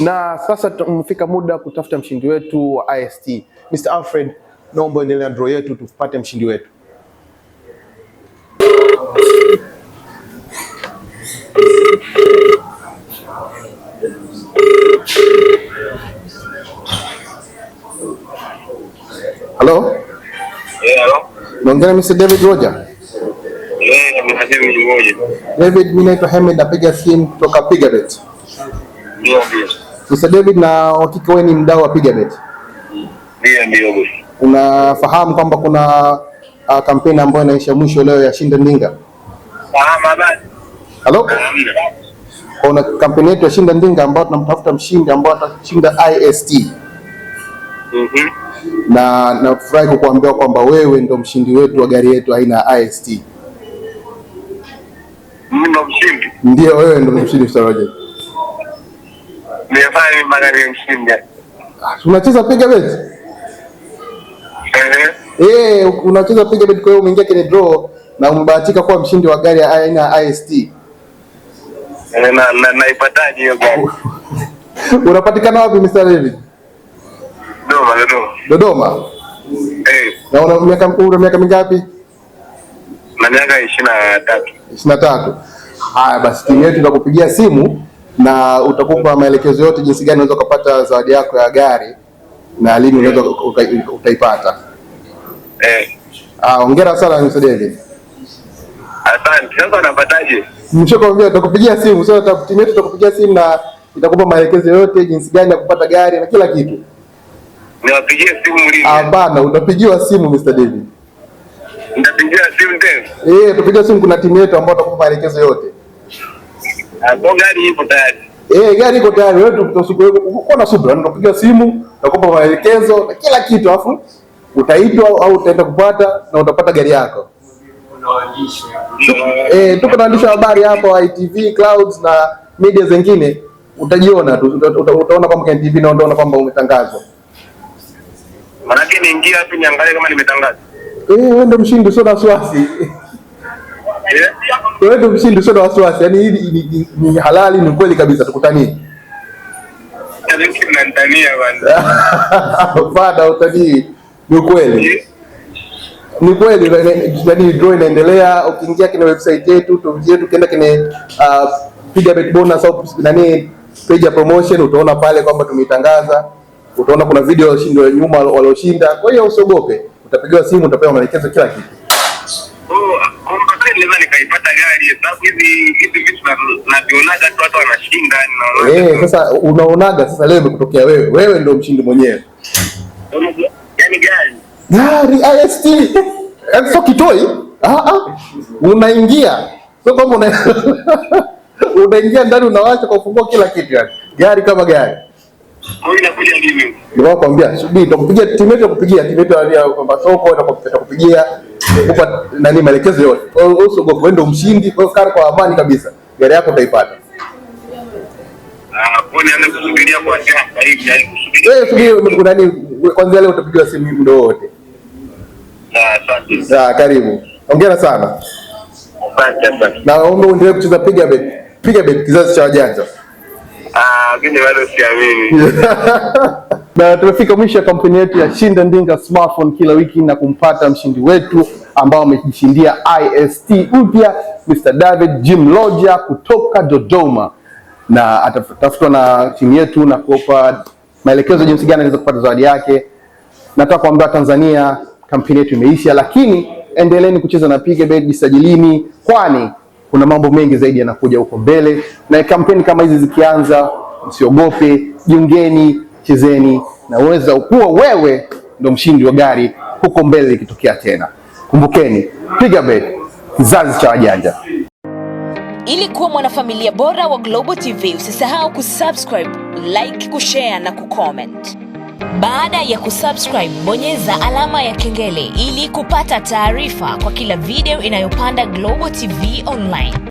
na sasa tumefika muda kutafuta mshindi wetu wa IST. Mr. Alfred, naomba endelea na draw yetu tupate mshindi wetu. Hello? Yeah, hello. naongea Mr. David Roger. David, mimi naitwa Hamed, napiga simu kutoka Pigabet. Ndio, ndio. Mr. David, na uhakika wewe ni mdau wa piga beti. Ndio, ndio boss. Unafahamu kwamba kuna uh, kampeni ambayo inaisha mwisho leo ya Shinda Ndinga? Halo? Kuna kampeni yetu ya Shinda Ndinga ambayo tunamtafuta mshindi ambaye atashinda IST. Mm Na nafurahi kukuambia kwamba wewe ndo mshindi wetu wa gari yetu aina ya IST. Mimi ndo mshindi? Ndio, wewe ndo mshindi Mr. Roger. Unacheza piga beti? Eh? eh, unacheza piga beti, kwa hiyo umeingia kwenye draw na umebahatika kuwa mshindi wa gari aina ya IST. Eh, naipataje hiyo gari? Unapatikana wapi Mr. David? Dodoma, Dodoma. Dodoma? Eh. Na una miaka una miaka mingapi? Na miaka 23. 23. Haya basi timu yetu itakupigia simu na utakupa maelekezo yote jinsi gani unaweza kupata zawadi yako ya gari na lini unaweza utaipata. Eh, Ah, hongera sana Mr. David. Asante. Sasa unapataje? Nimeshakwambia tutakupigia simu sasa, so, timu yetu tutakupigia simu na itakupa maelekezo yote jinsi gani ya kupata gari na kila kitu. Niwapigie simu lini? Ah, bana, utapigiwa simu Mr. David. Nitapigia simu tena? Eh, tutapigia simu, kuna timu yetu ambayo itakupa maelekezo yote gari iko tayari. Eh, uko na subira, nitakupigia simu, nitakupa maelekezo na kila kitu, afu utaitwa au utaenda kupata na utapata gari yako. Eh, tuko na waandishi wa habari hapo ITV Clouds na media zingine, utajiona tu, utaona kwamba ITV na utaona kwamba umetangazwa. Maana yake niingia hapo niangalie kama nimetangazwa. Eh, wewe ndio mshindi, sio na wasiwasi. Wewe ndio mshindi, usio na wasiwasi. Yaani hili ni halali, ni kweli kabisa. Tukutanie bana, utanii ni kweli, ni kweli. Yaani draw inaendelea, ukiingia kwenye website yetu, tovuti yetu, kenda kwenye piga uh, bet bonus au nani page ya promotion, utaona pale kwamba tumeitangaza. Utaona kuna video ya ushindi wa nyuma walioshinda. Kwa hiyo usiogope, utapigiwa simu, utapewa maelekezo kila kitu. Oh, naweza nikaipata gari, sababu hizi hizi vitu navionaga tu watu wanashinda. Eh, sasa unaonaga sasa, leo imekutokea wewe, wewe ndio mshindi mwenyewe. Yaani gari gari IST sio kitoi, unaingia sio kama una unaingia ndani unawacha kwa kufungua kila kitu, yani gari kama gari ndio nakwambia. Subiri, tutakupigia timu yetu, kupigia timu yetu ya kwamba soko, tutakupigia kukupa nani maelekezo yote. Also go kwenda umshindi, kwa hiyo kwa amani kabisa, gari yako utaipata. Ah, eh, Kwanza leo utapigiwa simu muda wote. Ah, ah Karibu, ongera sana na ombe uendelee kucheza. Piga bet, piga bet kizazi cha wajanja. Ah, na tumefika mwisho ya kampeni yetu ya Shinda Ndinga Smartphone kila wiki na kumpata mshindi wetu ambao amejishindia ist mpya Mr David Jim Loja kutoka Dodoma, na atatafutwa na timu yetu na kuopa maelekezo jinsi gani anaweza kupata zawadi yake. Nataka kuambia Tanzania, kampeni yetu imeisha, lakini endeleeni kucheza na bet, jisajilini, kwani kuna mambo mengi zaidi yanakuja huko mbele, na kampeni kama hizi zikianza, msiogope, jiungeni, chezeni, na uweza kuwa wewe ndo mshindi wa gari huko mbele ikitokea tena. Kumbukeni, piga bet, kizazi cha wajanja. Ili kuwa mwanafamilia bora wa Global TV, usisahau kusubscribe, like, kushare na kucomment. Baada ya kusubscribe, bonyeza alama ya kengele ili kupata taarifa kwa kila video inayopanda Global TV Online.